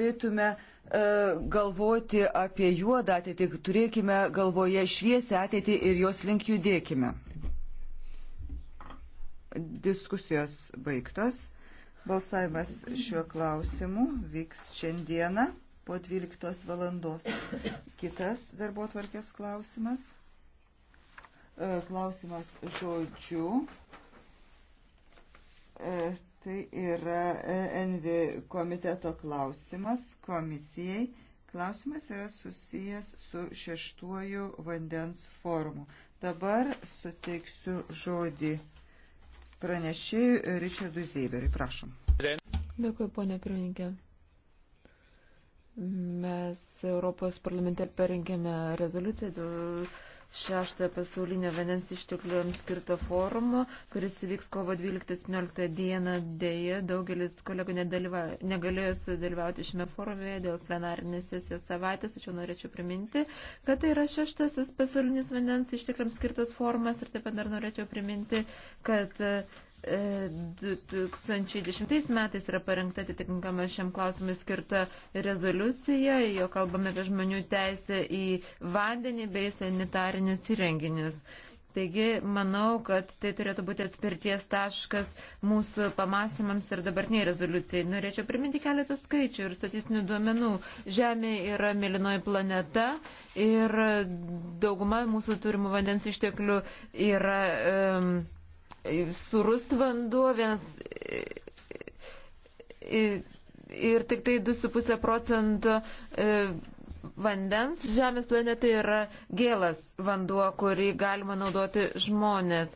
turėtume e, galvoti apie juodą ateitį, turėkime galvoje šviesę ateitį ir jos link judėkime. Diskusijos baigtos. Balsavimas šiuo klausimu vyks šiandieną po 12 valandos. Kitas darbo tvarkės klausimas. E, klausimas žodžiu e, Tai yra e, NV komiteto klausimas komisijai. Klausimas yra susijęs su šeštuoju vandens forumu. Dabar suteiksiu žodį pranešėjui Richardui Zeiberiui. Prašom. Dėkui, ponė pirmininkė. Mes Europos parlamente perinkėme rezoliuciją dėl šeštojo pasaulinio vandens ištekliuojams skirto forumo, kuris įvyks kovo 12-17 dieną. Deja, daugelis kolegų nedalyva, negalėjo sudalyvauti šiame forume dėl plenarinės sesijos savaitės, tačiau norėčiau priminti, kad tai yra šeštasis pasaulinis vandens ištekliams skirtas forumas ir taip pat dar norėčiau priminti, kad uh, 2010 e, metais yra parengta atitinkama šiam klausimui skirta rezoliucija, jo kalbame apie žmonių teisę į vandenį bei sanitarinius įrenginius. Taigi, manau, kad tai turėtų būti atspirties taškas mūsų pamąstymams ir dabartiniai rezoliucijai. Norėčiau priminti keletą skaičių ir statistinių duomenų. Žemė yra mėlynoji planeta ir dauguma mūsų turimų vandens išteklių yra. Um, surus vanduo, vienas ir tik tai 2,5 procento e, vandens Žemės planetai yra gėlas vanduo, kurį galima naudoti žmonės.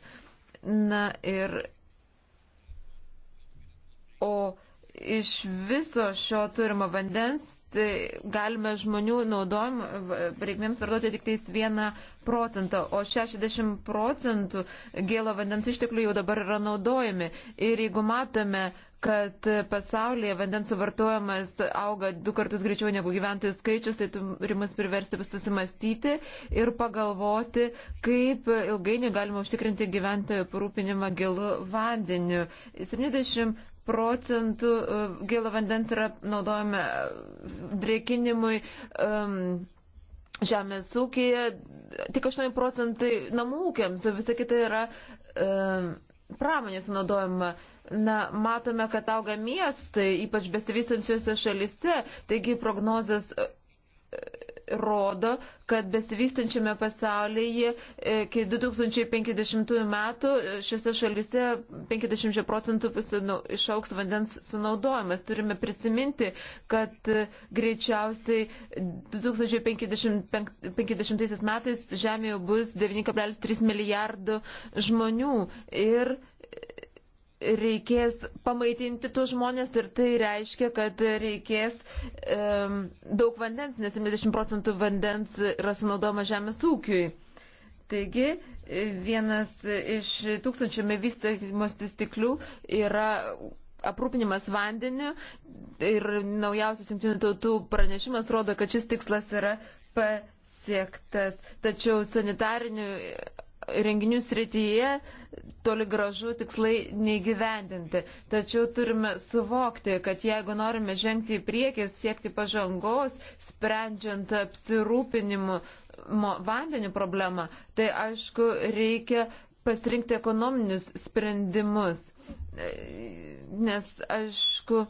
Na ir. O iš viso šio turimo vandens galime žmonių naudojim reikmėms vartoti tik tais vieną procentą, o 60 procentų gėlo vandens išteklių jau dabar yra naudojami. Ir jeigu matome, kad pasaulyje vandens suvartojimas auga du kartus greičiau negu gyventojų skaičius, tai turi mus priversti susimastyti ir pagalvoti, kaip ilgainiui galima užtikrinti gyventojų parūpinimą gėlų vandeniu. 70 procentų e, gėlo vandens yra naudojama e, drėkinimui. Um, Žemės ūkija tik 8 procentai namų ūkiams, o visa kita yra um, pramonės naudojama. Na, matome, kad auga miestai, ypač besivystančiose šalise, taigi prognozes rodo, kad besivystančiame pasaulyje e, iki 2050 metų šiuose šalise 50 procentų nu, išauks vandens sunaudojimas. Turime prisiminti, kad e, greičiausiai 2050 metais Žemėje bus 9,3 milijardų žmonių ir reikės pamaitinti tuos žmonės ir tai reiškia, kad reikės um, daug vandens, nes 70 procentų vandens yra sunaudojama žemės ūkiui. Taigi, vienas iš tūkstančiame vystymos tiklių yra aprūpinimas vandeniu ir naujausias jungtinių tautų pranešimas rodo, kad šis tikslas yra pasiektas. Tačiau sanitarinių renginių srityje toli gražu tikslai neįgyvendinti. Tačiau turime suvokti, kad jeigu norime žengti į priekį, siekti pažangos, sprendžiant apsirūpinimu vandeniu problemą, tai aišku, reikia pasirinkti ekonominius sprendimus. Nes, aišku,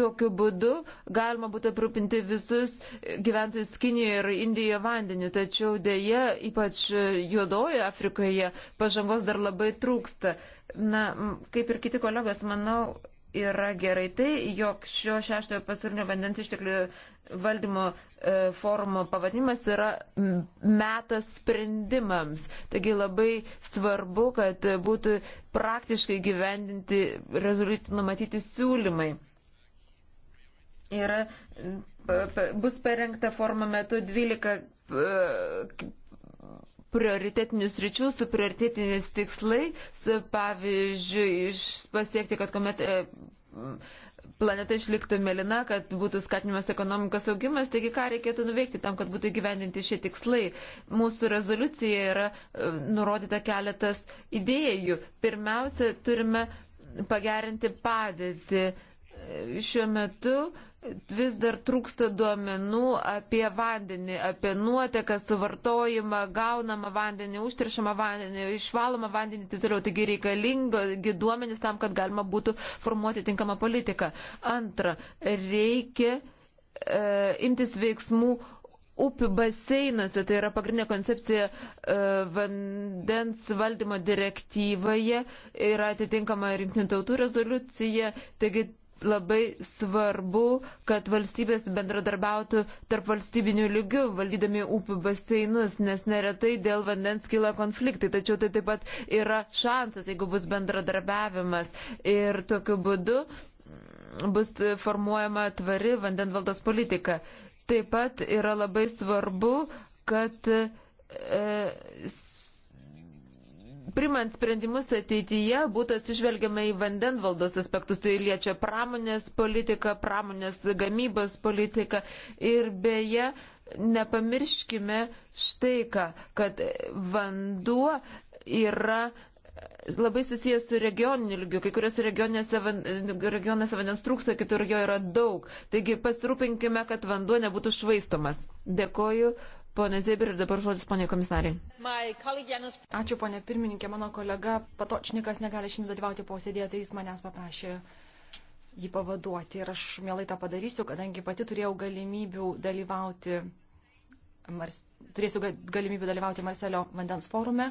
Tokiu būdu galima būtų aprūpinti visus gyventojus Kinijoje ir Indijoje vandeniu, tačiau dėje, ypač juodoje Afrikoje, pažangos dar labai trūksta. Na, kaip ir kiti kolegos, manau, yra gerai tai, jog šio šeštojo pasaulinio vandens išteklių valdymo e, forumo pavadinimas yra metas sprendimams. Taigi labai svarbu, kad būtų praktiškai gyvendinti rezoliucijų numatyti siūlymai. Ir e, bus parengta forma metu 12 e, prioritetinių sričių su prioritetiniais tikslais, pavyzdžiui, pasiekti, kad kuomet e, planeta išliktų melina, kad būtų skatinimas ekonomikos augimas, taigi ką reikėtų nuveikti tam, kad būtų gyvendinti šie tikslai. Mūsų rezoliucija yra nurodyta keletas idėjų. Pirmiausia, turime pagerinti padėtį. Šiuo metu uh, vis dar trūksta duomenų apie vandenį, apie nuoteką, suvartojimą, gaunamą vandenį, užteršamą vandenį, išvalomą vandenį ir taip toliau. Taigi reikalingi duomenys tam, kad galima būtų formuoti tinkamą politiką. Antra, reikia e, imtis veiksmų. Upių baseinuose, tai yra pagrindinė koncepcija e, vandens valdymo direktyvoje, yra atitinkama rinktinių tautų rezoliucija, taigi labai svarbu, kad valstybės bendradarbiautų tarp valstybinių lygių, valdydami upių baseinus, nes neretai dėl vandens kyla konfliktai, tačiau tai taip pat yra šansas, jeigu bus bendradarbiavimas ir tokiu būdu bus formuojama tvari vandenvaldos politika. Taip pat yra labai svarbu, kad e, primant sprendimus ateityje būtų atsižvelgiama į vandenvaldos aspektus, tai liečia pramonės politiką, pramonės gamybos politiką ir beje, nepamirškime štai ką, kad vanduo yra labai susijęs su regioniniu lygiu. Kai kuriuose regionuose, van, regionuose vandens trūksta, kitur jo yra daug. Taigi pasirūpinkime, kad vanduo nebūtų švaistomas. Dėkoju, Pone Zibir ir dabar žodis ponė komisariai. Ačiū ponė pirmininkė, mano kolega Patočnikas negali šiandien dalyvauti posėdėje, tai jis manęs paprašė jį pavaduoti ir aš mielai tą padarysiu, kadangi pati turėjau galimybių dalyvauti, mars, turėsiu galimybių dalyvauti Marselio vandens forume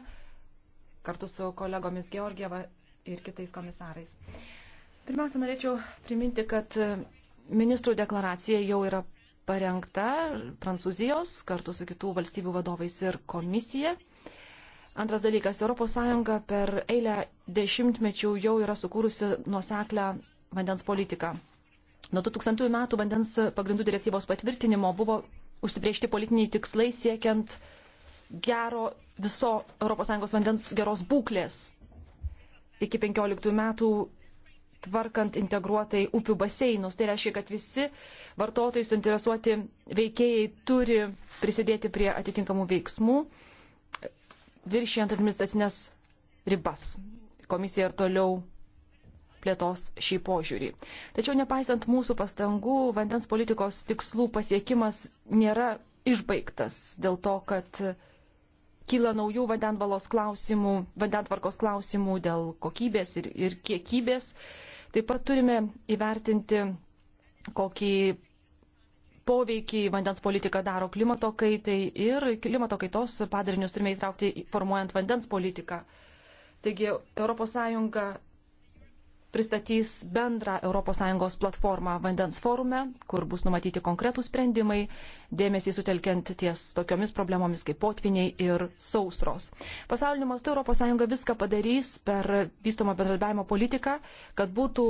kartu su kolegomis Georgieva ir kitais komisarais. Pirmiausia, norėčiau priminti, kad ministrų deklaracija jau yra parengta Prancūzijos kartu su kitų valstybių vadovais ir komisija. Antras dalykas, ES per eilę dešimtmečių jau yra sukūrusi nuoseklę vandens politiką. Nuo 2000 metų vandens pagrindų direktyvos patvirtinimo buvo užsibriežti politiniai tikslai siekiant gero viso ES vandens geros būklės. Iki 15 metų tvarkant integruotai upių baseinus. Tai reiškia, kad visi vartotojai suinteresuoti veikėjai turi prisidėti prie atitinkamų veiksmų, viršijant administracinės ribas. Komisija ir toliau plėtos šį požiūrį. Tačiau nepaisant mūsų pastangų, vandens politikos tikslų pasiekimas nėra išbaigtas dėl to, kad kyla naujų vandenvalos klausimų, vandentvarkos klausimų dėl kokybės ir, ir kiekybės. Uh, Taip pat turime įvertinti, kokį poveikį vandens politika daro klimato kaitai ir klimato kaitos padarinius turime įtraukti formuojant vandens politiką. Taigi ES pristatys bendrą ES platformą vandens forume, kur bus numatyti konkretų sprendimai, dėmesį sutelkiant ties tokiomis problemomis kaip potviniai ir sausros. Pasaulinio mastu ES viską padarys per vystomą bendradarbiavimo politiką, kad būtų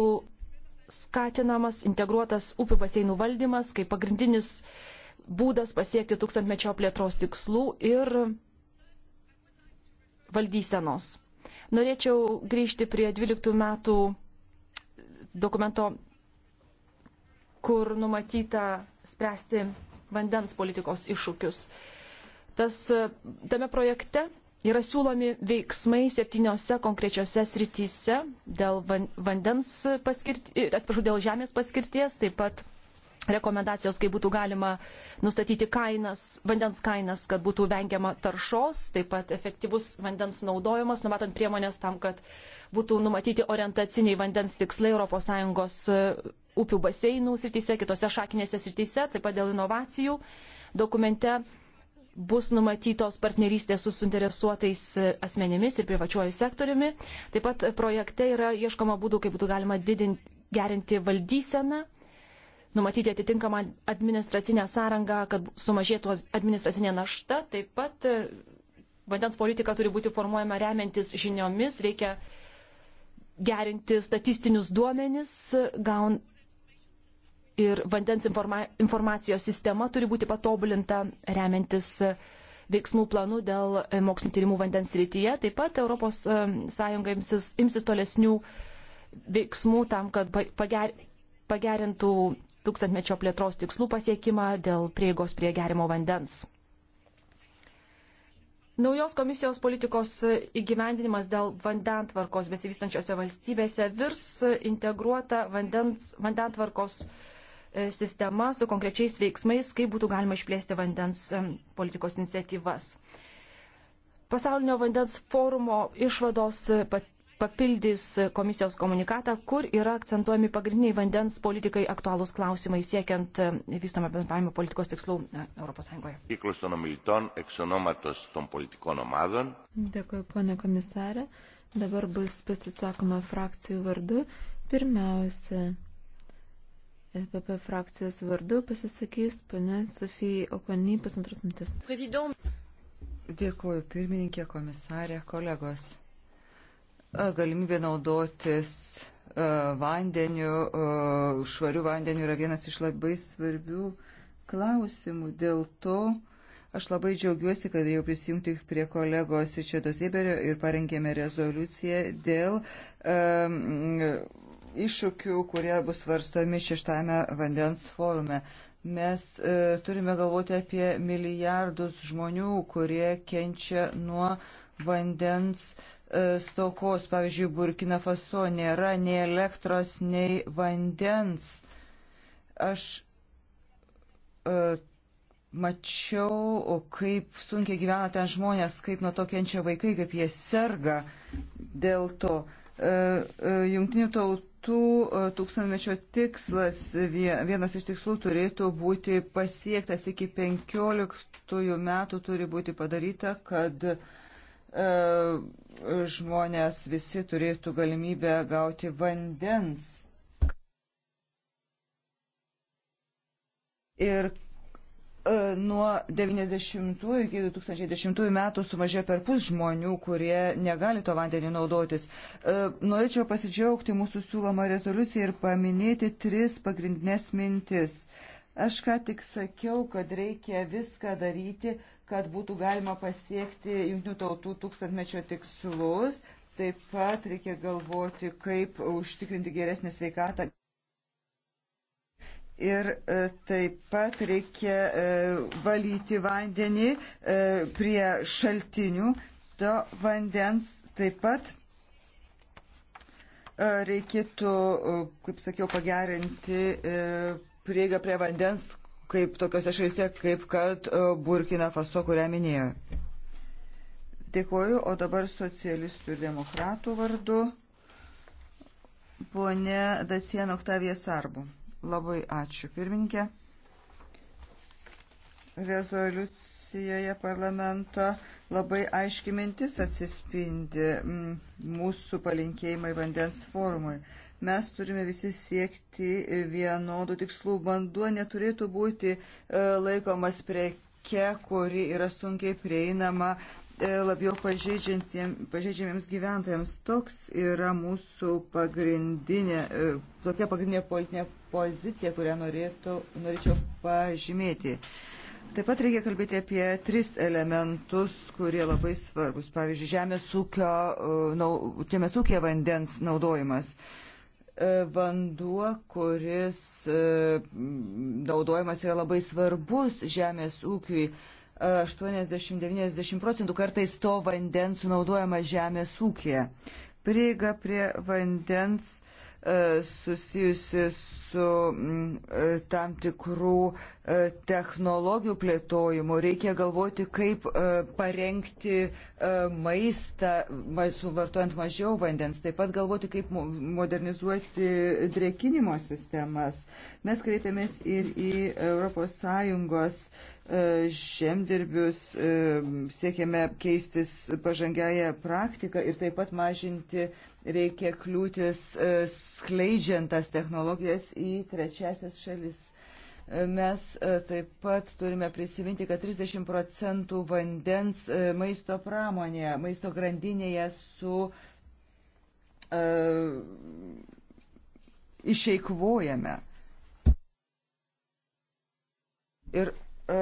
skatinamas integruotas upių baseinų valdymas kaip pagrindinis būdas pasiekti tūkstantmečio plėtros tikslų ir valdysenos. Norėčiau grįžti prie 12 metų dokumento, kur numatyta spręsti vandens politikos iššūkius. Tas, tame projekte yra siūlomi veiksmai septyniose konkrečiose srityse dėl, vandens paskirti, atsiprašau, dėl žemės paskirties, taip pat rekomendacijos, kaip būtų galima nustatyti kainas, vandens kainas, kad būtų vengiama taršos, taip pat efektyvus vandens naudojimas, numatant priemonės tam, kad uh, būtų numatyti orientaciniai vandens tikslai ES e, upių baseinų srityse, kitose šakinėse srityse, taip pat dėl inovacijų. Dokumente bus numatytos partnerystės su suinteresuotais e, asmenimis ir privačiuoju sektoriumi. Taip pat projekte yra ieškoma būdų, kaip būtų galima didinti, gerinti valdyseną, numatyti atitinkamą administracinę sąrangą, kad sumažėtų administracinė našta. Taip pat e, vandens politika turi būti formuojama remiantis žiniomis, reikia gerinti statistinius duomenis gaun ir vandens informa informacijos sistema turi būti patobulinta remiantis veiksmų planų dėl e, mokslinio tyrimų vandens rytyje. Taip pat ES e, imsis, imsis tolesnių veiksmų tam, kad pager, pagerintų tūkstantmečio plėtros tikslų pasiekimą dėl prieigos prie gerimo vandens. Naujos komisijos politikos įgyvendinimas dėl vandentvarkos besivystančiose valstybėse virs integruota vandens, vandentvarkos e, sistema su konkrečiais veiksmais, kaip būtų galima išplėsti vandens e, politikos iniciatyvas. Pasaulinio vandens forumo išvados e, pat, papildys komisijos komunikatą, kur yra akcentuojami pagrindiniai vandens politikai aktualūs klausimai siekiant e, vystomą bendravimo politikos tikslų ES. Dėkui, ponė komisarė. Dabar bus pasisakoma frakcijų vardu. Pirmiausia, EPP frakcijos vardu pasisakys ponė Sofija Okony, pusantros mintis. Dėkuoju, pirmininkė, komisarė, kolegos. Galimybė naudotis e, vandeniu, e, švariu vandeniu yra vienas iš labai svarbių klausimų. Dėl to aš labai džiaugiuosi, kad jau prisijungti prie kolegos Ričardo Ziberio ir parengėme rezoliuciją dėl um, iššūkių, kurie bus svarstomi šeštame vandens forume. Uh, Mes e, turime galvoti apie milijardus žmonių, kurie kenčia nuo vandens e, stokos. Pavyzdžiui, Burkina Faso nėra nei elektros, nei vandens. Aš e, mačiau, kaip sunkiai gyvena ten žmonės, kaip nuo to kenčia vaikai, kaip jie serga dėl to. E, e, Jungtinių tautų metų e, tūkstantmečio tikslas, vienas iš tikslų turėtų būti pasiektas iki 15 metų turi būti padaryta, kad e, žmonės visi turėtų galimybę gauti vandens. Ir E, nuo 90 iki 2010 metų sumažėjo per pus žmonių, kurie negali to vandenį naudotis. E, norėčiau pasidžiaugti mūsų siūlomą rezoliuciją ir paminėti tris pagrindinės mintis. Aš ką tik sakiau, kad reikia viską daryti, kad būtų galima pasiekti jungtinių tautų tūkstantmečio tikslus. Taip pat reikia galvoti, kaip užtikrinti geresnį sveikatą. Ir e, taip pat reikia e, valyti vandenį e, prie šaltinių to vandens. Taip pat reikėtų, kaip sakiau, pagerinti prieigą prie vandens, kaip tokiuose šalyse, kaip kad Burkina Faso, kurią minėjo. Dėkuoju, o dabar socialistų ir demokratų vardu ponė Dacijan Oktavija Sarbu. Labai ačiū, pirmininkė. Rezoliucijoje parlamento labai aiški mintis atsispindi mm, mūsų palinkėjimai vandens forumui. Mes turime visi siekti vienodų tikslų. Vanduo neturėtų būti e, laikomas prie preke, kuri yra sunkiai prieinama E, labiau pažeidžiamiems gyventojams. Toks yra mūsų pagrindinė, e, tokia pagrindinė politinė pozicija, kurią norėtų, norėčiau pažymėti. Taip pat reikia kalbėti apie tris elementus, kurie labai svarbus. Pavyzdžiui, žemės ūkio, e, nau, žemės ūkio vandens naudojimas vanduo, kuris naudojamas yra labai svarbus žemės ūkiui. 80-90 procentų kartais to vandens sunaudojama žemės ūkėje. Prieiga prie vandens E, susijusi su mm, e, tam tikrų e, technologijų plėtojimu. Reikia galvoti, kaip parengti maistą, suvartojant mažiau vandens. Taip pat galvoti, kaip modernizuoti drėkinimo sistemas. Mes kreipiamės ir į ES žemdirbius, siekėme keistis pažangiają praktiką ir taip pat mažinti reikia kliūtis e, skleidžiant tas technologijas į trečiasis šalis. E, mes e, taip pat turime prisiminti, kad 30 procentų vandens maisto pramonėje, maisto grandinėje su uh, išeikvojame. Ir uh,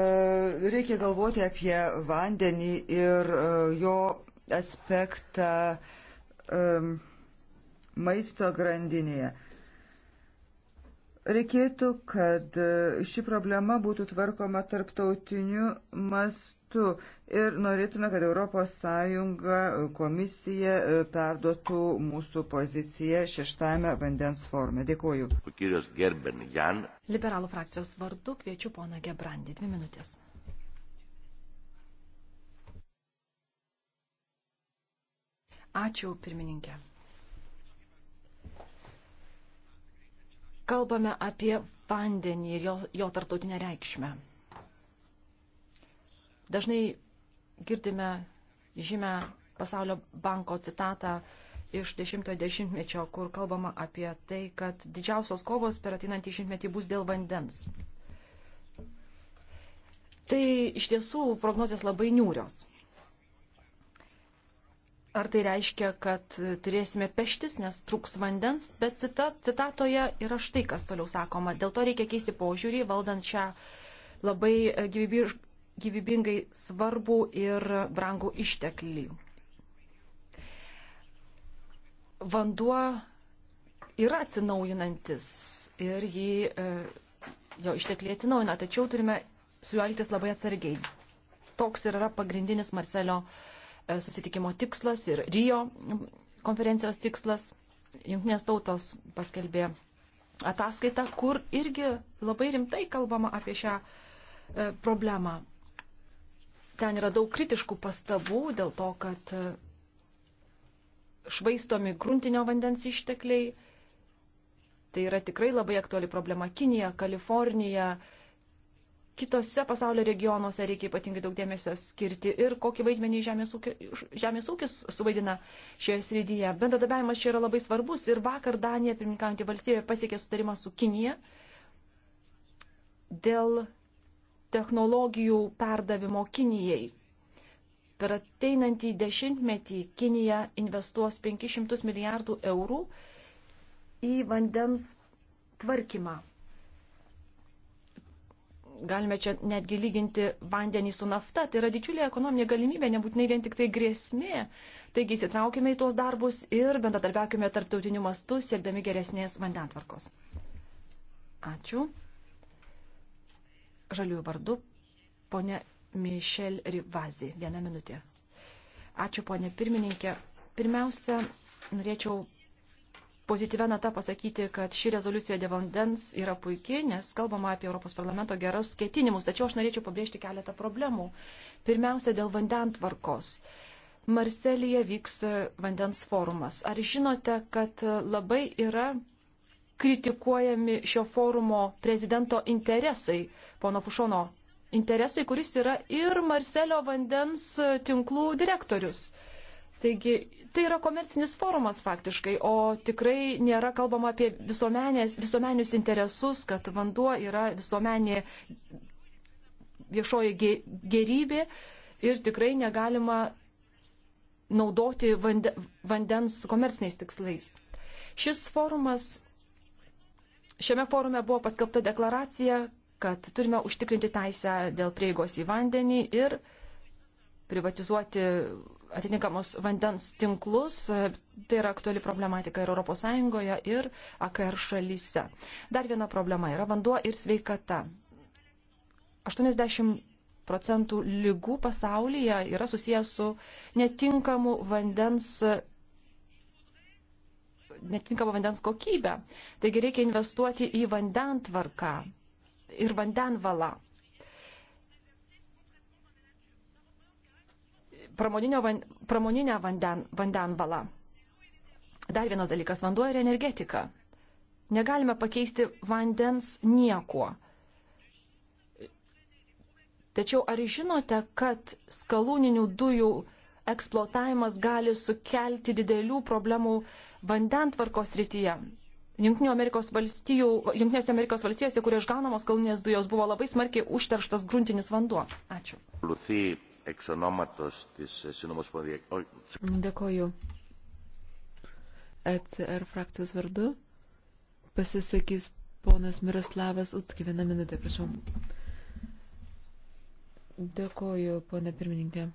reikia galvoti apie vandenį ir uh, jo aspektą um, maisto grandinėje. Reikėtų, kad e, ši problema būtų tvarkoma tarptautiniu mastu ir norėtume, kad ES komisija e, perduotų mūsų poziciją šeštame vandens forume. Dėkuoju. Liberalų frakcijos vardu kviečiu poną Gebrandį. Dvi minutės. Ačiū, pirmininkė. kalbame apie vandenį ir jo, jo tartautinę reikšmę. Dažnai girdime žymę Pasaulio banko citatą iš 10-ojo dešimtmečio, kur kalbama apie tai, kad didžiausios kovos per ateinantį šimtmetį bus dėl vandens. Tai iš tiesų prognozijas labai niūrios. Ar tai reiškia, kad turėsime peštis, nes trūks vandens, bet cita, citatoje yra štai, kas toliau sakoma. Dėl to reikia keisti požiūrį, valdant šią labai gyvybingai svarbų ir brangų išteklį. Vanduo yra atsinaujinantis ir jį, e, jo ištekliai atsinaujina, tačiau turime su juo elgtis labai atsargiai. Toks ir yra pagrindinis Marselio uh, E, susitikimo tikslas ir Rio konferencijos tikslas. Junktinės tautos paskelbė ataskaitą, kur irgi labai rimtai kalbama apie šią e, problemą. Ten yra daug kritiškų pastabų dėl to, kad e, švaistomi gruntinio vandens ištekliai. Tai yra tikrai labai aktuali problema. Kinija, Kalifornija, kitose pasaulio regionuose reikia ypatingai daug dėmesio skirti ir kokį vaidmenį žemės, ūkio, žemės ūkis suvaidina šioje srityje. Bendradarbiavimas čia yra labai svarbus ir vakar Danija, pirmininkaujantį valstybę, pasiekė sutarimą su Kinija dėl technologijų perdavimo Kinijai. Per ateinantį dešimtmetį Kinija investuos 500 milijardų eurų į vandens tvarkymą galime čia netgi lyginti vandenį su nafta. Tai yra didžiulė ekonominė galimybė, nebūtinai vien tik tai grėsmė. Taigi įsitraukime į tuos darbus ir bendradarbiaukime tarptautiniu mastu, siekdami geresnės vandentvarkos. Ačiū. Žaliųjų vardu, ponė Mišel Rivazi. Vieną minutę. Ačiū, ponė pirmininkė. Pirmiausia, norėčiau pozityvę natą pasakyti, kad ši rezoliucija dėl vandens yra puikiai, nes kalbama apie Europos parlamento geros ketinimus, tačiau aš norėčiau pabrėžti keletą problemų. Pirmiausia, dėl vandentvarkos. Marselėje vyks vandens forumas. Ar žinote, kad labai yra kritikuojami šio forumo prezidento interesai, pono Fušono interesai, kuris yra ir Marselio vandens tinklų direktorius? Taigi tai yra komercinis forumas faktiškai, o tikrai nėra kalbama apie visuomenius interesus, kad vanduo yra visuomenė viešoji gerybė ir tikrai negalima naudoti vande, vandens komerciniais tikslais. Šis forumas, šiame forume buvo paskelbta deklaracija, kad turime užtikrinti teisę dėl prieigos į vandenį ir privatizuoti atitinkamus vandens tinklus. Tai yra aktuali problematika ir ES, ir AKR šalyse. Dar viena problema yra vanduo ir sveikata. 80 procentų lygų pasaulyje yra susijęs su netinkamu vandens netinkama vandens kokybė. Taigi reikia investuoti į vandentvarką ir vandenvalą. van, pramoninę vanden, vandenvalą. Dar vienas dalykas - vanduo ir energetika. Negalime pakeisti vandens niekuo. Tačiau ar žinote, kad skalūninių dujų eksploatavimas gali sukelti didelių problemų vandentvarkos rytyje? Junktinės Amerikos, Amerikos valstijose, kur išgaunamos kalninės dujos, buvo labai smarkiai užterštas gruntinis vanduo. Ačiū. Lucy εξ ονόματος της Συνομοσπονδιακής... Dėkoju. ECR frakcijos vardu pasisakys ponas Miroslavas Utski. Vieną minutę, prašau. Dėkoju, ponė pirmininkė.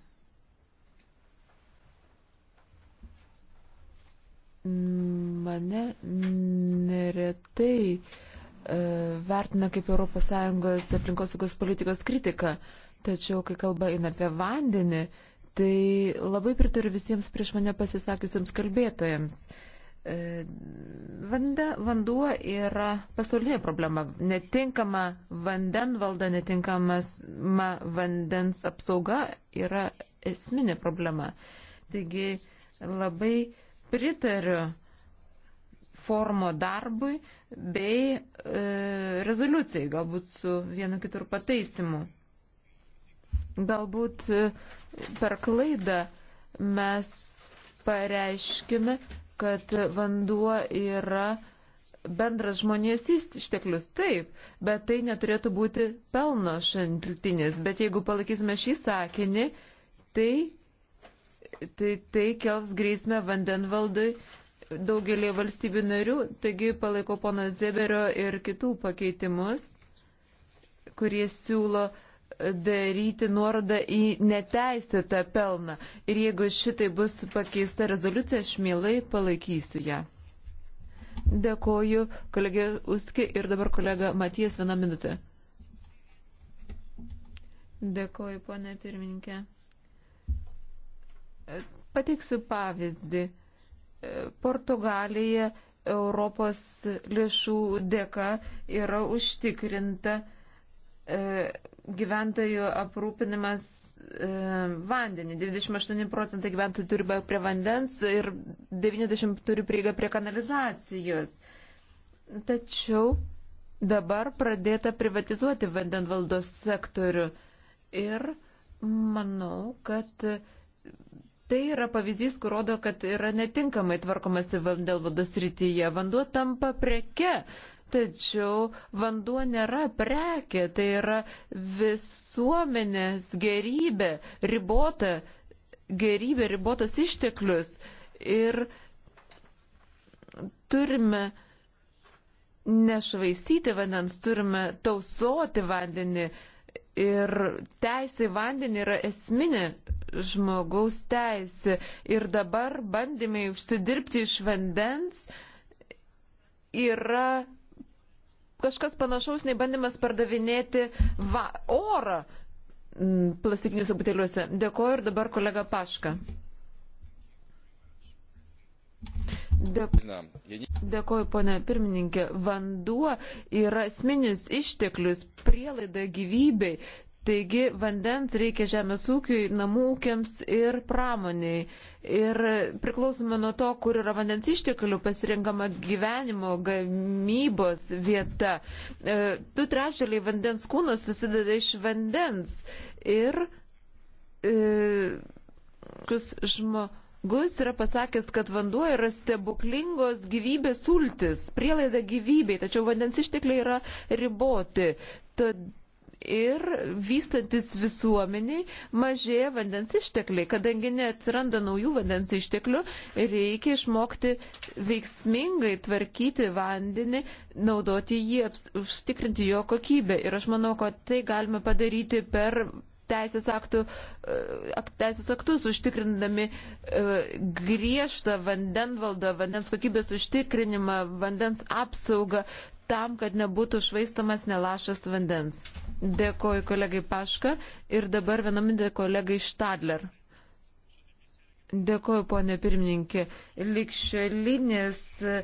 Mane neretai e, vertina kaip ES aplinkosaugos politikos kritika. Uh, Tačiau, kai kalba eina apie vandenį, tai labai pritariu visiems prieš mane pasisakiusiems kalbėtojams. E, Vanda, vanduo yra pasaulinė problema. Netinkama vandenvalda, netinkamas ma, vandens apsauga yra esminė problema. Taigi labai pritariu formo darbui bei e, rezoliucijai, galbūt su vienu kitur pataisimu. Galbūt e, per klaidą mes pareiškime, kad vanduo yra bendras žmonijos išteklius, taip, bet tai neturėtų būti pelno šaltinis. Bet jeigu palaikysime šį sakinį, tai, tai, tai kels grėsmę vandenvaldui daugelį valstybių narių, taigi palaiko pono Zeberio ir kitų pakeitimus, kurie siūlo uh, daryti nuorodą į neteisėtą pelną. Ir jeigu šitai bus pakeista rezoliucija, aš mielai palaikysiu ją. Dėkoju kolegė Uski ir dabar kolega Matijas vieną minutę. Dėkoju, ponė pirmininkė. Pateiksiu pavyzdį. Portugalija Europos lėšų dėka yra užtikrinta E, gyventojų aprūpinimas e, vandenį. 28 procentai gyventojų turi prie vandens ir 90 turi prieigą prie kanalizacijos. Tačiau dabar pradėta privatizuoti vandenvaldos sektorių ir manau, kad tai yra pavyzdys, kur rodo, kad yra netinkamai tvarkomasi vandenvaldos rytyje. Vanduo tampa preke tačiau vanduo nėra prekė, tai yra visuomenės gerybė, ribota gerybė, ribotas išteklius. Ir turime nešvaistyti vandens, turime tausoti vandenį. Ir teisė į vandenį yra esminė žmogaus teisė. Ir dabar bandymai užsidirbti iš vandens yra kažkas panašaus nei bandymas pardavinėti va, orą mm, plastikiniuose buteliuose. Dėkuoju ir dabar kolega Paška. Dėkuoju, ponė pirmininkė. Vanduo yra esminis išteklius, prielaida gyvybei. Taigi vandens reikia žemės ūkiui, namų ūkiams ir pramoniai. Ir priklausome nuo to, kur yra vandens išteklių pasirinkama gyvenimo gamybos vieta. E, du trečdaliai vandens kūno susideda iš vandens. Ir e, žmogus yra pasakęs, kad vanduo yra stebuklingos gyvybės sultis, prielaida gyvybei, tačiau vandens ištekliai yra riboti. Tad ir vystantis visuomeniai mažėja vandens ištekliai. Kadangi neatsiranda naujų vandens išteklių, reikia išmokti veiksmingai tvarkyti vandenį, naudoti jį, užtikrinti jo kokybę. Ir aš manau, kad tai galima padaryti per teisės, aktų, e, teisės aktus, užtikrindami e, griežtą vandenvaldą, vandens kokybės užtikrinimą, vandens apsaugą, tam, kad nebūtų švaistamas nelašas vandens. Dėkoju kolegai Paška ir dabar vienam dėkoju kolegai Štadler. Dėkoju, ponė pirmininkė. Likščiolinis e,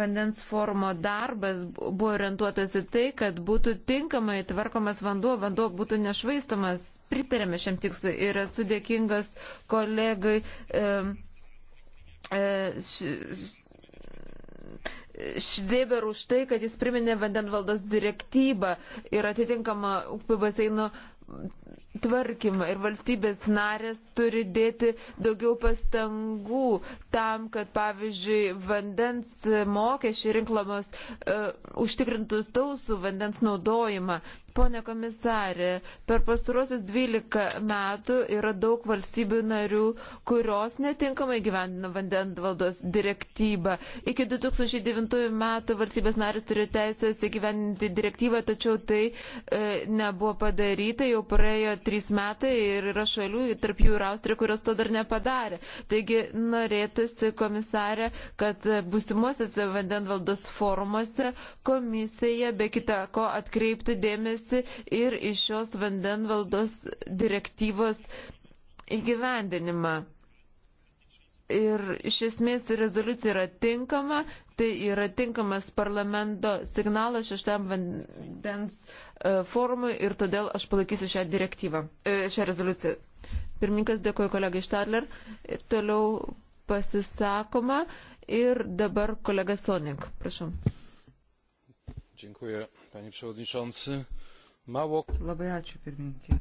vandens formo darbas buvo orientuotas į tai, kad būtų tinkamai tvarkomas vanduo, vanduo būtų nešvaistomas. Pritarėme šiam tikslui ir esu dėkingas kolegai. E, e, š, š, Šdeber už tai, kad jis priminė vandenvaldos direktyvą ir atitinkamą upių baseinų tvarkymą ir valstybės narės turi dėti daugiau pastangų tam, kad pavyzdžiui vandens mokesčiai rinklamos uh, užtikrintų stausų vandens naudojimą. Pone komisarė, per pastarosius 12 metų yra daug valstybių narių, kurios netinkamai gyvendina vandenvaldos direktyvą. Iki 2009 metų valstybės narės turėjo teisęs įgyvendinti direktyvą, tačiau tai e, nebuvo padaryta, jau praėjo 3 metai ir yra šalių, tarp jų ir Austrija, kurios to dar nepadarė. Taigi norėtųsi komisarė, kad būsimosiuose vandenvaldos forumuose komisija be kita ko atkreipti dėmesį tikimasi ir iš šios vandenvaldos direktyvos įgyvendinimą. Ir iš esmės rezoliucija yra tinkama, tai yra tinkamas parlamento signalas šeštam vandens e, forumui ir todėl aš palaikysiu šią direktyvą, e, šią rezoliuciją. Pirmininkas dėkoju kolegai Štadler ir toliau pasisakoma ir dabar kolega Sonik, prašom. Dziękuję, panie przewodniczący. Mało... Labai ačiū, pirmininkė.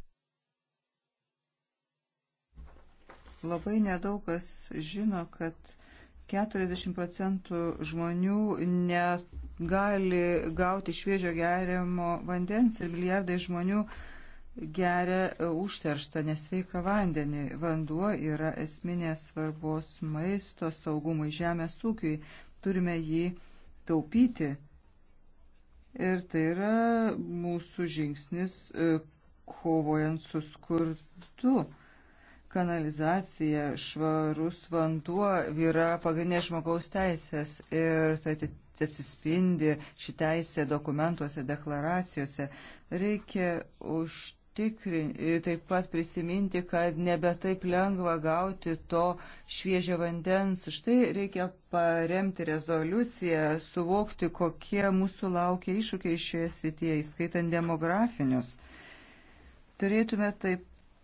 Labai nedaug kas žino, kad 40 procentų žmonių negali gauti šviežio geriamo vandens ir milijardai žmonių geria užterštą nesveiką vandenį. Vanduo yra esminės svarbos maisto saugumui žemės ūkiui. Turime jį taupyti. Ir tai yra mūsų žingsnis e, kovojant su skurdu. Kanalizacija, švarus vanduo yra pagrindinė žmogaus teisės ir tai atsispindi ši teisė dokumentuose, deklaracijose. Reikia už užtikrinti, e, taip pat prisiminti, kad nebe taip lengva gauti to šviežio vandens. Štai reikia paremti rezoliuciją, suvokti, kokie mūsų laukia iššūkiai šioje srityje, įskaitant demografinius. Turėtume taip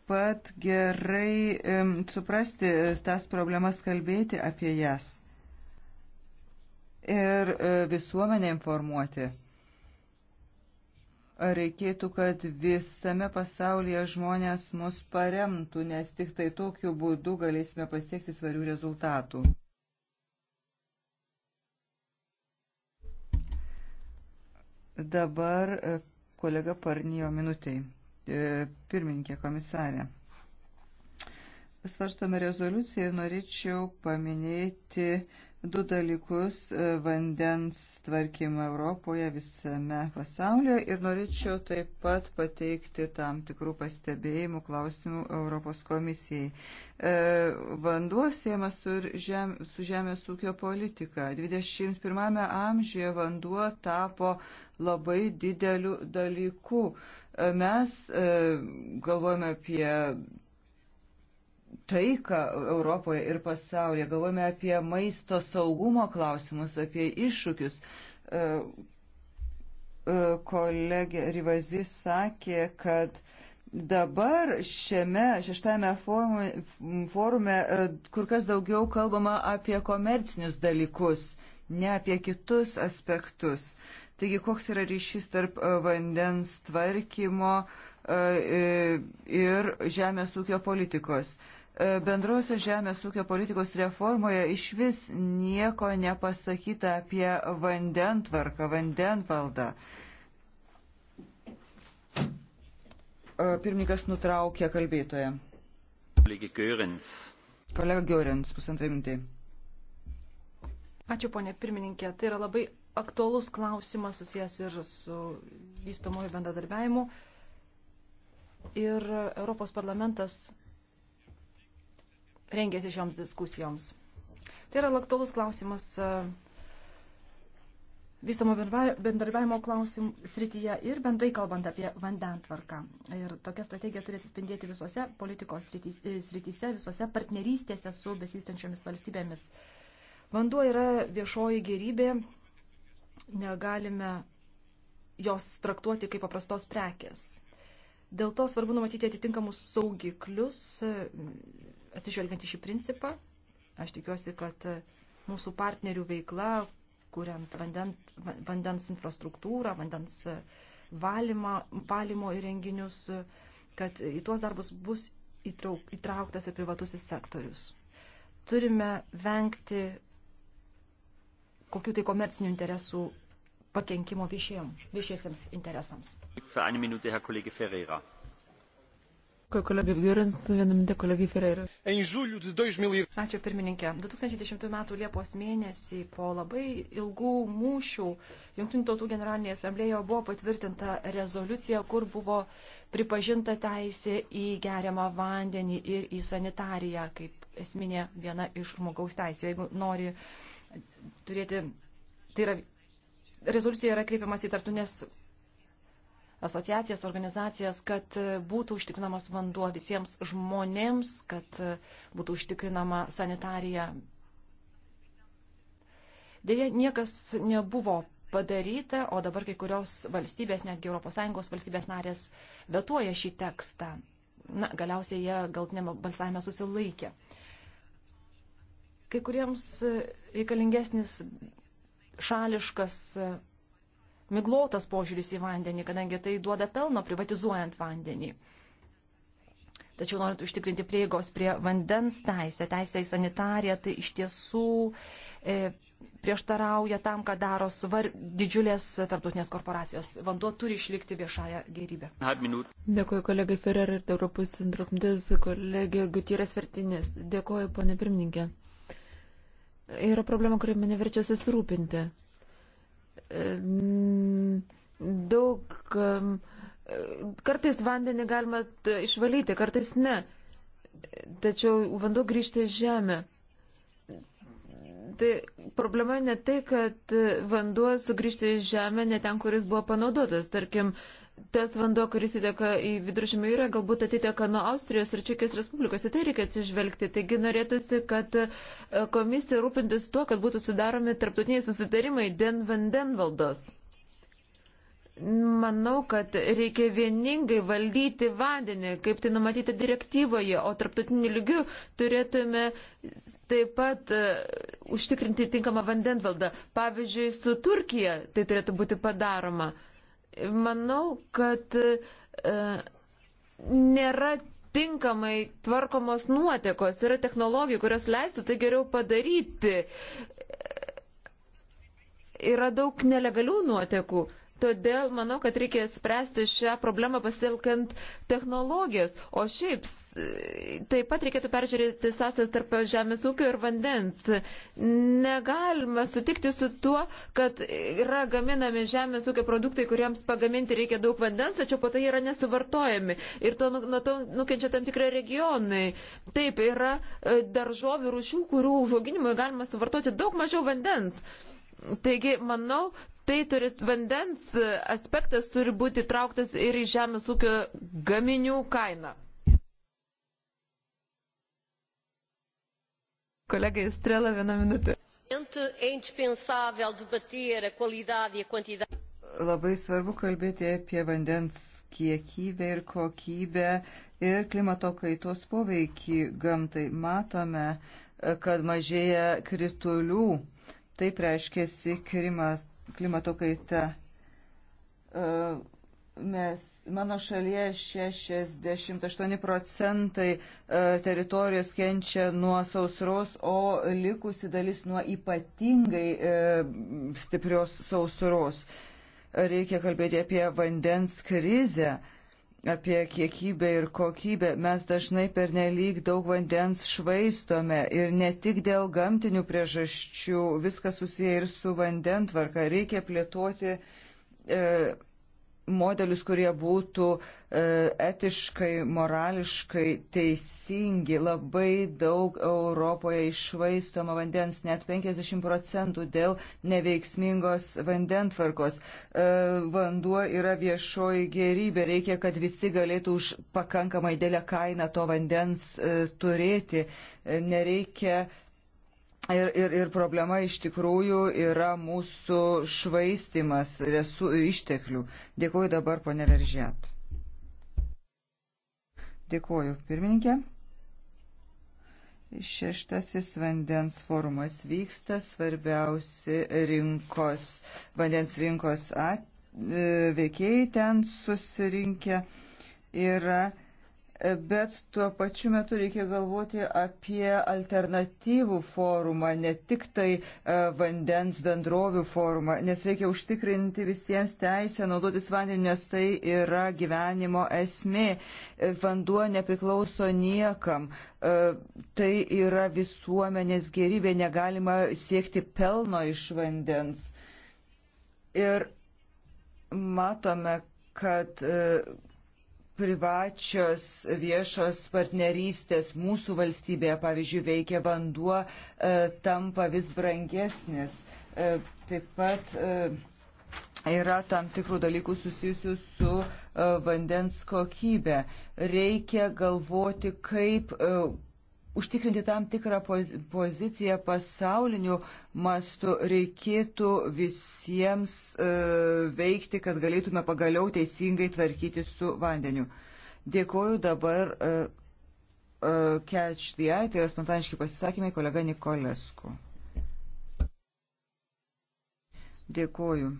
pat gerai um, suprasti tas problemas, kalbėti apie jas ir uh, visuomenę informuoti reikėtų, kad visame pasaulyje žmonės mus paremtų, nes tik tai tokiu būdu galėsime pasiekti svarių rezultatų. Dabar e, kolega Parnijo minutiai. E, pirmininkė komisarė. Svarstame rezoliuciją ir norėčiau paminėti du dalykus e, - vandens tvarkymą Europoje, visame pasaulyje ir norėčiau taip pat pateikti tam tikrų pastebėjimų klausimų Europos komisijai. E, vanduo siejamas su, žem, su žemės ūkio politika. 21 amžiuje vanduo tapo labai dideliu dalyku. E, mes galvojame apie taiką Europoje ir pasaulyje, galvojame apie maisto saugumo klausimus, apie iššūkius. E, e, kolegė Rivazi sakė, kad dabar šiame šeštame forume e, kur kas daugiau kalbama apie komercinius dalykus, ne apie kitus aspektus. Taigi, koks yra ryšys tarp vandens tvarkymo ir žemės ūkio politikos? E, bendrosios žemės ūkio politikos reformoje iš vis nieko nepasakyta apie vandentvarką, vandenvaldą. E, pirmininkas nutraukė kalbėtoją. Kolega Görins, pusantrai mintai. Ačiū, ponė pirmininkė. Tai yra labai aktuolus klausimas susijęs ir su vystomoju bendradarbiavimu. Ir Europos parlamentas rengėsi šioms diskusijoms. Tai yra laktaus klausimas e, vystomo bendarbiavimo klausimų srityje ir bendrai kalbant apie vandentvarką. Ir tokia strategija turi atsispindėti visose politikos e, srityse, visose partnerystėse su besistančiomis valstybėmis. Vanduo yra viešoji gerybė, negalime jos traktuoti kaip paprastos prekės. Dėl to svarbu numatyti atitinkamus saugiklius atsižvelgiant į šį principą, aš tikiuosi, kad mūsų partnerių veikla, kuriant vandens, vandens infrastruktūrą, vandens e, valymą, valymo įrenginius, kad į tuos darbus bus įtrauk, įtrauktas ir privatusis sektorius. Turime vengti kokių tai komercinių interesų pakenkimo viešiems interesams. Für eine Minute, Herr Kollege Ferreira. Dėkui kolegai Vyrins, vieną minutę kolegai Ferreira. Ačiū pirmininkė. 2010 m. Liepos mėnesį po labai ilgų mūšių Junktinių tautų generalinėje asamblėjoje buvo patvirtinta rezoliucija, kur buvo pripažinta teisė į geriamą vandenį ir į sanitariją kaip esminė viena iš žmogaus teisų. Jeigu nori turėti, tai yra, rezoliucija yra kreipiamas į tartunės asociacijas, organizacijas, kad e, būtų užtikrinamas vanduo visiems žmonėms, kad e, būtų užtikrinama sanitarija. Deja, niekas nebuvo padaryta, o dabar kai kurios valstybės, netgi ES valstybės narės, vetuoja šį tekstą. Na, galiausiai jie galtinėme balsavime susilaikė. Kai kuriems e, reikalingesnis šališkas miglotas požiūris į vandenį, kadangi tai duoda pelno privatizuojant vandenį. Tačiau norint užtikrinti prieigos prie vandens teisę, teisę į sanitariją, tai iš tiesų e, prieštarauja tam, ką daro svar, didžiulės tarptautinės korporacijos. Vanduo turi išlikti viešąją gerybę. Dėkuoju kolegai Ferrer ir Europos centros medės kolegė Gutieras Vertinis. Dėkuoju, ponė pirmininkė. Yra problema, kuri mane verčia susirūpinti daug. Um, kartais vandenį galima išvalyti, kartais ne. Tačiau vanduo grįžta į žemę. Tai problema ne tai, kad vanduo sugrįžta į žemę ne ten, kuris buvo panaudotas. Tarkim, tas vanduo, kuris įteka į viduržymį jūrą, galbūt atiteka nuo Austrijos ir Čekijos Respublikos. Į tai reikia atsižvelgti. Taigi norėtųsi, kad e, komisija rūpintis tuo, kad būtų sudaromi tarptautiniai susitarimai dėl vandenvaldos. Manau, kad reikia vieningai valdyti vandenį, kaip tai numatyta direktyvoje, o tarptautiniu lygiu turėtume taip pat uh, užtikrinti tinkamą vandenvaldą. Pavyzdžiui, su Turkija tai turėtų būti padaroma. Uh, Manau, kad e, nėra tinkamai tvarkomos nuotekos, yra technologijų, kurios leistų tai geriau padaryti. Yra daug nelegalių nuotekų. Todėl manau, kad reikia spręsti šią problemą pasitelkant technologijas. O šiaip taip pat reikėtų peržiūrėti sąsas tarp žemės ūkio ir vandens. Negalima sutikti su tuo, kad yra gaminami žemės ūkio produktai, kuriems pagaminti reikia daug vandens, tačiau po tai yra nesuvartojami. Ir to, nu, nuo to nukenčia tam tikrai regionai. Taip, yra e, daržovių rušių, kurių užauginimui galima suvartoti daug mažiau vandens. Taigi, manau, tai turi, vandens aspektas turi būti trauktas ir į žemės ūkio gaminių kainą. Kolega Estrela, vieną minutę. E Labai svarbu kalbėti apie vandens kiekybę ir kokybę ir klimato kaitos poveikį gamtai. Matome, kad mažėja kritulių. Taip reiškėsi klimato klimato kaita. E, mes, mano šalyje 68 procentai e, teritorijos kenčia nuo sausros, o likusi dalis nuo ypatingai e, stiprios sausros. Reikia kalbėti apie vandens krizę apie kiekybę ir kokybę. Mes dažnai pernelyg daug vandens švaistome ir ne tik dėl gamtinių priežasčių, viskas susiję ir su vandentvarka. Reikia plėtoti e, modelius, kurie būtų e, etiškai, morališkai teisingi. Labai daug Europoje išvaistoma vandens, net 50 procentų dėl neveiksmingos vandentvarkos. E, vanduo yra viešoji gerybė, reikia, kad visi galėtų už pakankamai dėlę kainą to vandens e, turėti. Nereikia Ir, ir, ir problema iš tikrųjų yra mūsų švaistimas resu, išteklių. Dėkuoju dabar, ponė Veržėt. Dėkuoju, pirmininkė. Šeštasis vandens forumas vyksta, svarbiausi rinkos, vandens rinkos at, e, veikėjai ten susirinkę yra bet tuo pačiu metu reikia galvoti apie alternatyvų forumą, ne tik tai e, vandens bendrovių forumą, nes reikia užtikrinti visiems teisę naudotis vandeniu, nes tai yra gyvenimo esmė. E, vanduo nepriklauso niekam. E, tai yra visuomenės gerybė, negalima siekti pelno iš vandens. Ir matome, kad privačios viešos partnerystės mūsų valstybėje, pavyzdžiui, veikia vanduo, e, tampa vis brangesnis. E, taip pat e, yra tam tikrų dalykų susijusių su vandens kokybė. Reikia galvoti, kaip užtikrinti tam tikrą poziciją pasauliniu mastu reikėtų visiems e, veikti, kad galėtume pagaliau teisingai tvarkyti su vandeniu. Dėkoju dabar e, e, Catch the Eye, tai yra spontaniški pasisakymai kolega Nikolesku. Dėkoju.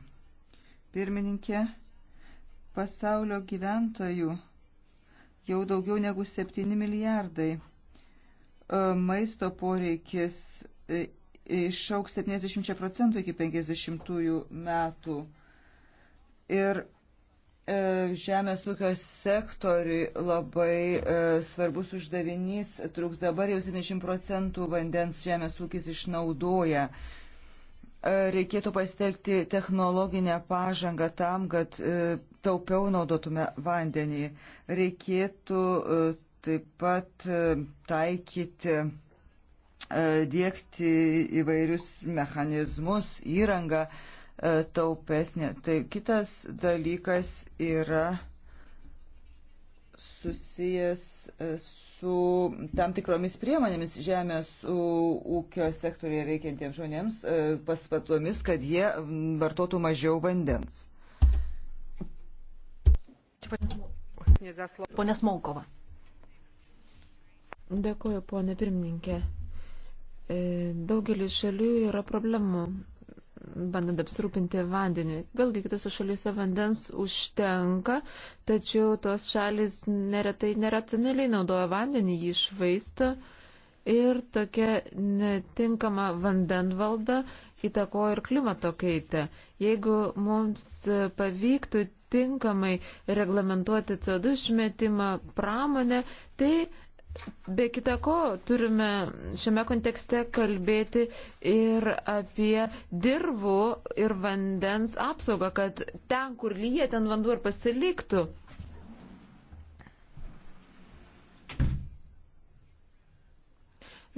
Pirmininkė, pasaulio gyventojų jau daugiau negu 7 milijardai. E, maisto poreikis e, išauks 70 procentų iki 50 metų. Ir e, žemės ūkio sektoriui labai svarbus uždavinys trūks dabar jau 70 procentų vandens žemės ūkis išnaudoja. Reikėtų pasitelkti technologinę pažangą tam, kad taupiau naudotume vandenį. Reikėtų taip pat e, taikyti, e, dėkti įvairius mechanizmus, įrangą e, taupesnė. Tai kitas dalykas yra susijęs su tam tikromis priemonėmis žemės ūkio sektorėje veikiantiems žmonėms, paspatomis, kad jie vartotų mažiau vandens. Pone Smolkova. Dėkuoju, ponė pirmininkė. E, daugelis šalių yra problemų, bandant apsirūpinti vandeniu. Vėlgi, kitose šalyse vandens užtenka, tačiau tos šalis neretai neracionaliai naudoja vandenį, jį išvaisto ir tokia netinkama vandenvalda įtakoja ir klimato kaitę. Jeigu mums pavyktų tinkamai reglamentuoti CO2 išmetimą pramonę, tai Be kita ko, turime šiame kontekste kalbėti ir apie dirvų ir vandens apsaugą, kad ten, kur lyja, ten vanduo ir pasiliktų.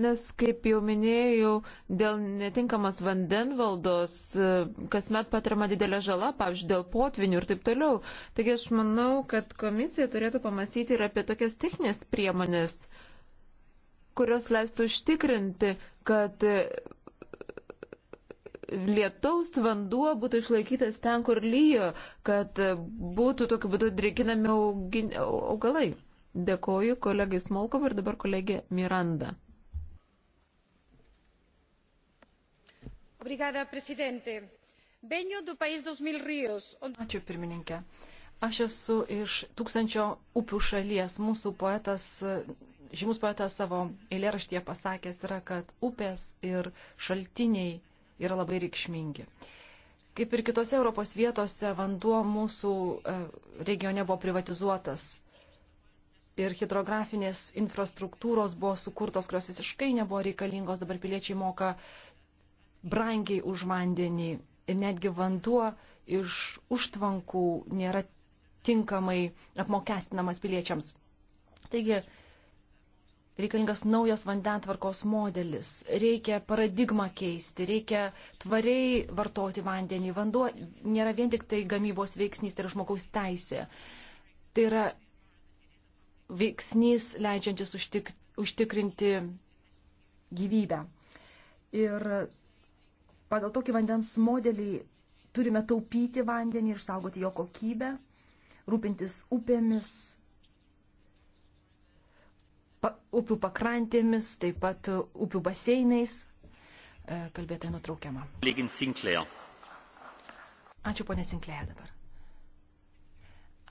Nes, kaip jau minėjau, dėl netinkamos vandenvaldos e, kasmet patiriama didelė žala, pavyzdžiui, dėl potvinių ir taip toliau. Taigi aš manau, kad komisija turėtų pamastyti ir apie tokias techninės priemonės, kurios leistų užtikrinti, kad e, lietaus vanduo būtų išlaikytas ten, kur lyjo, kad e, būtų tokiu būdu drėkinami augalai. Dėkoju kolegai Smolkov ir dabar kolegė Miranda. Ačiū pirmininkė. Aš esu iš tūkstančio upių šalies. Mūsų poetas, žymus poetas savo eilėraštyje pasakęs yra, kad upės ir šaltiniai yra labai reikšmingi. Kaip ir kitose Europos vietose, vanduo mūsų e, regione buvo privatizuotas ir hidrografinės infrastruktūros buvo sukurtos, kurios visiškai nebuvo reikalingos, dabar piliečiai moka brangiai už vandenį ir netgi vanduo iš užtvankų nėra tinkamai apmokestinamas piliečiams. Taigi, reikalingas naujas vandentvarkos modelis, reikia paradigmą keisti, reikia tvariai vartoti vandenį. Vanduo nėra vien tik tai gamybos veiksnys, tai yra žmogaus teisė. Tai yra veiksnys leidžiantis užtik, užtikrinti gyvybę. Ir pagal tokį vandens modelį turime taupyti vandenį ir saugoti jo kokybę, rūpintis upėmis, pa, upių pakrantėmis, taip pat upių baseinais. E, kalbėtoja nutraukiama. Ačiū ponė Sinklėja dabar.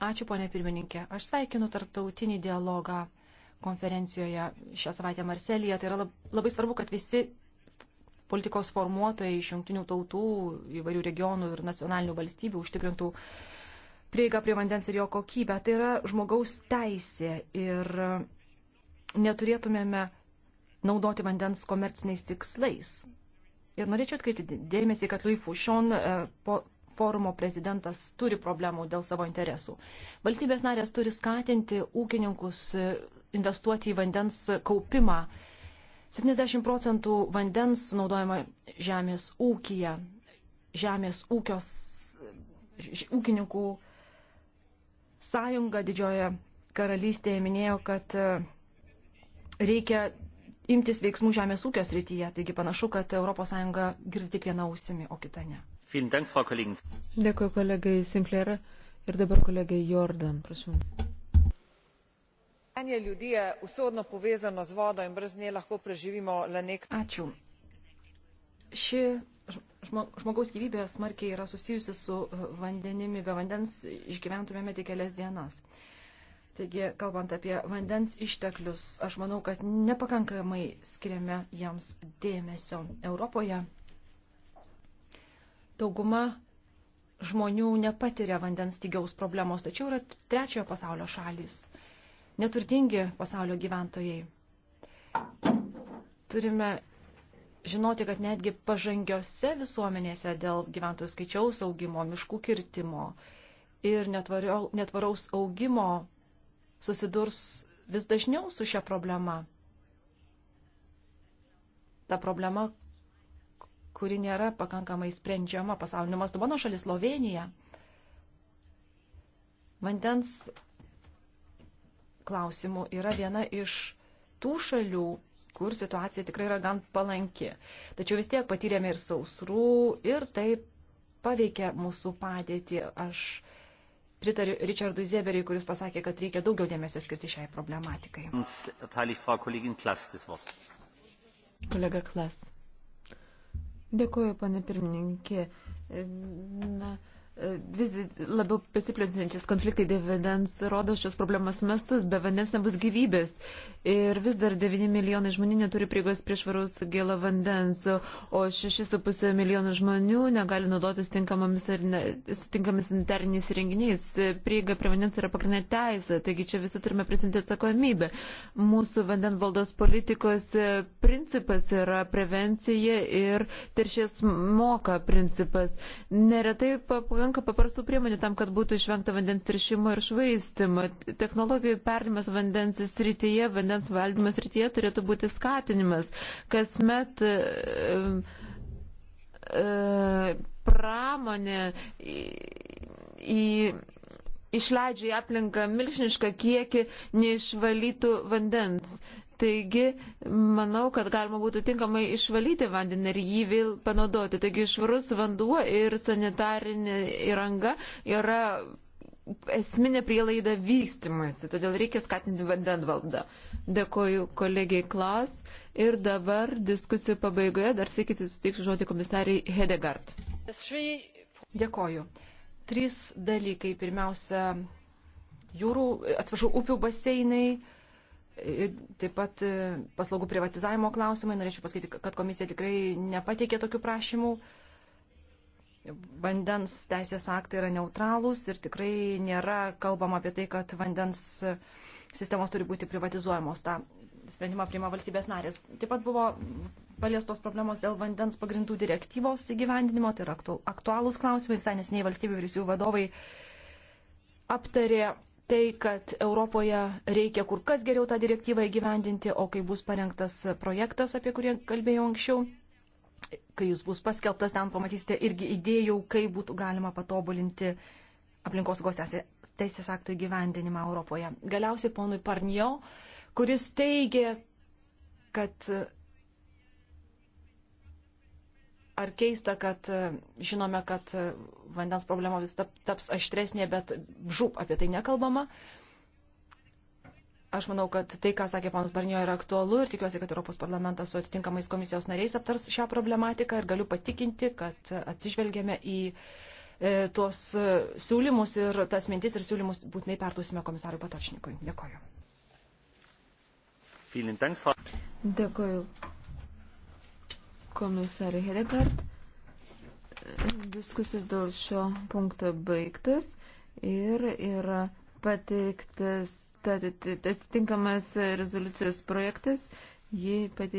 Ačiū ponė pirmininkė. Aš sveikinu tarptautinį dialogą konferencijoje šią savaitę Marselėje. Tai yra labai svarbu, kad visi politikos formuotojai iš jungtinių tautų, įvairių regionų ir nacionalinių valstybių užtikrintų prieigą prie vandens ir jo kokybę. Tai yra žmogaus teisė ir neturėtumėme naudoti vandens komerciniais tikslais. Ir norėčiau atkreipti dėmesį, kad Louis Fouchon e, po forumo prezidentas turi problemų dėl savo interesų. Valstybės narės turi skatinti ūkininkus e, investuoti į vandens kaupimą 70 procentų vandens naudojama žemės ūkija, žemės ūkios, ūkininkų sąjunga didžioje karalystėje minėjo, kad e, reikia imtis veiksmų žemės ūkio srityje. Taigi panašu, kad ES girdi tik vieną ausimį, o kitą ne. Dėkui kolegai Sinclair ir dabar kolegai Jordan, prašau življenje ljudi je usodno povezano z vodo in brez nje lahko preživimo le nekaj. Ačiū. Ši žmogaus gyvybė smarkiai yra susijusi su uh, vandenimi, be vandens išgyventumėme tik kelias dienas. Taigi, kalbant apie vandens išteklius, aš manau, kad nepakankamai skiriame jiems dėmesio. Europoje dauguma žmonių nepatiria vandens tygiaus problemos, tačiau yra trečiojo pasaulio šalis, neturtingi pasaulio gyventojai. Turime žinoti, kad netgi pažangiose visuomenėse dėl gyventojų skaičiaus augimo, miškų kirtimo ir netvaraus augimo susidurs vis dažniau su šia problema. Ta problema, kuri nėra pakankamai sprendžiama pasaulio mastu. Mano šalis Slovenija vandens klausimų yra viena iš tų šalių, kur situacija tikrai yra gan palanki. Tačiau vis tiek patyrėme ir sausrų ir tai paveikia mūsų padėtį. Aš pritariu Richardui Zeberiui, kuris pasakė, kad reikia daugiau dėmesio skirti šiai problematikai. Kolega Klas. Dėkuoju, pane pirmininkė. Na, vis labiau besiplintančias konfliktai dėl vandens rodo šios problemos mestus, be vandens nebus gyvybės. Ir vis dar 9 milijonai žmonių neturi prieigos prie švaraus gėlo vandens, o 6,5 milijonų žmonių negali naudotis tinkamomis ar ne, tinkamis interniais renginiais. Prieiga prie vandens yra pagrindinė teisė, taigi čia visi turime prisimti atsakomybę. Mūsų vandenvaldos politikos principas yra prevencija ir teršės moka principas. Neretai papagalvoti pakanka paprastų priemonių tam, kad būtų išvengta vandens teršimo ir švaistimo. Technologijų perdimas vandens srityje, vandens valdymas srityje turėtų būti skatinimas. Kasmet e, e, pramonė į, į, išleidžia į aplinką milžinišką kiekį neišvalytų vandens. E, Taigi, manau, kad galima būtų tinkamai išvalyti vandenį ir jį vėl panaudoti. Taigi, švarus vanduo ir sanitarinė įranga yra esminė prielaida vystimuisi, todėl reikia skatinti vandenvaldą. Dėkoju kolegiai Klas ir dabar diskusijų pabaigoje dar sėkite suteiksiu žodį komisariai Hedegard. Dėkoju. Trys dalykai. Pirmiausia, jūrų, atsiprašau, upių baseinai Taip pat e, paslaugų privatizavimo klausimai. Norėčiau pasakyti, kad komisija tikrai nepateikė tokių prašymų. Vandens teisės aktai yra neutralūs ir tikrai nėra kalbama apie tai, kad vandens e, sistemos turi būti privatizuojamos. Ta sprendimą priima valstybės narės. Taip pat buvo paliestos problemos dėl vandens pagrindų direktyvos įgyvendinimo. Tai yra aktualūs klausimai. Visai nesiniai valstybių vyriausybių vadovai aptarė tai, kad Europoje reikia kur kas geriau tą direktyvą įgyvendinti, o kai bus parengtas projektas, apie kurį kalbėjau anksčiau, kai jis bus paskelbtas, ten pamatysite irgi idėjų, kaip būtų galima patobulinti aplinkosaugos teisės aktų įgyvendinimą Europoje. Galiausiai ponui Parnio, kuris teigė, kad ar keista, kad e, žinome, kad e, vandens problema vis taps aštresnė, bet žūp apie tai nekalbama. Aš manau, kad tai, ką sakė panas Barnio, yra aktualu ir tikiuosi, kad Europos parlamentas su atitinkamais komisijos nariais aptars šią problematiką ir galiu patikinti, kad e, atsižvelgėme į tuos siūlymus ir tas mintis ir siūlymus būtinai perduosime komisarui Patočnikui. Dėkoju. Dėkoju komisarė Hedegard. Diskusijos dėl šio punkto baigtas ir yra pateiktas atitinkamas rezoliucijos projektas. Jį pateikė.